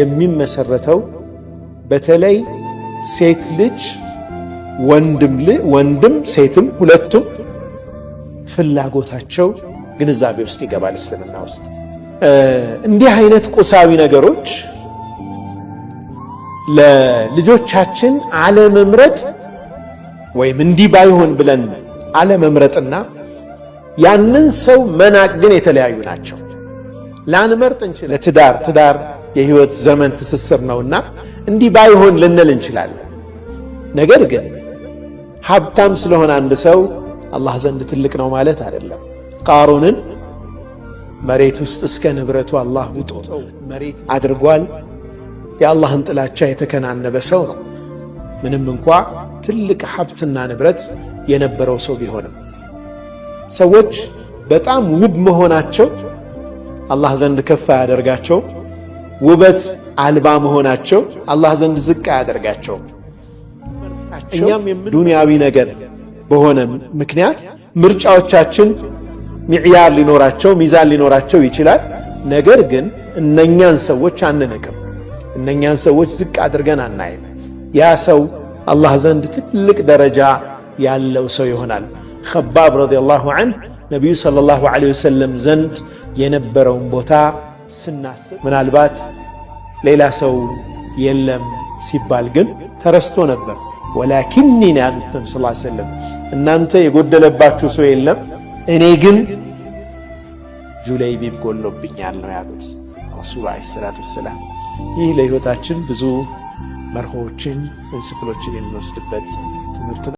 የሚመሰረተው በተለይ ሴት ልጅ ወንድም ወንድም ሴትም ሁለቱም ፍላጎታቸው ግንዛቤ ውስጥ ይገባል። እስልምና ውስጥ እንዲህ አይነት ቁሳዊ ነገሮች ለልጆቻችን አለመምረጥ ወይም እንዲህ ባይሆን ብለን አለመምረጥና ያንን ሰው መናቅ ግን የተለያዩ ናቸው። ላንመርጥ እንችላለን። ለትዳር ትዳር የህይወት ዘመን ትስስር ነውና እንዲህ ባይሆን ልንል እንችላለን። ነገር ግን ሀብታም ስለሆነ አንድ ሰው አላህ ዘንድ ትልቅ ነው ማለት አይደለም። ቃሩንን መሬት ውስጥ እስከ ንብረቱ አላህ ውጦ መሬት አድርጓል። የአላህን ጥላቻ የተከናነበ ሰው ነው፣ ምንም እንኳ ትልቅ ሀብትና ንብረት የነበረው ሰው ቢሆንም። ሰዎች በጣም ውብ መሆናቸው አላህ ዘንድ ከፍ አያደርጋቸው ውበት አልባ መሆናቸው አላህ ዘንድ ዝቅ አያደርጋቸው እኛም ዱንያዊ ነገር በሆነ ምክንያት ምርጫዎቻችን ሚዕያር ሊኖራቸው ሚዛን ሊኖራቸው ይችላል። ነገር ግን እነኛን ሰዎች አንንቅም፣ እነኛን ሰዎች ዝቅ አድርገን አናይም። ያ ሰው አላህ ዘንድ ትልቅ ደረጃ ያለው ሰው ይሆናል። ከባብ ረዲየላሁ ዐንሁ ነቢዩ ሰለላሁ ዐለይሂ ወሰለም ዘንድ የነበረውን ቦታ ስናስብ ምናልባት ሌላ ሰው የለም ሲባል ግን ተረስቶ ነበር። ወላኪኒ ነው ያሉት ነቢ ስላ ሰለም እናንተ የጎደለባችሁ ሰው የለም፣ እኔ ግን ጁለይቢብ ጎሎብኛል ነው ያሉት ረሱሉ ለ ሰላት ወሰላም። ይህ ለህይወታችን ብዙ መርሆዎችን እንስክሎችን የምንወስድበት ትምህርት ነው።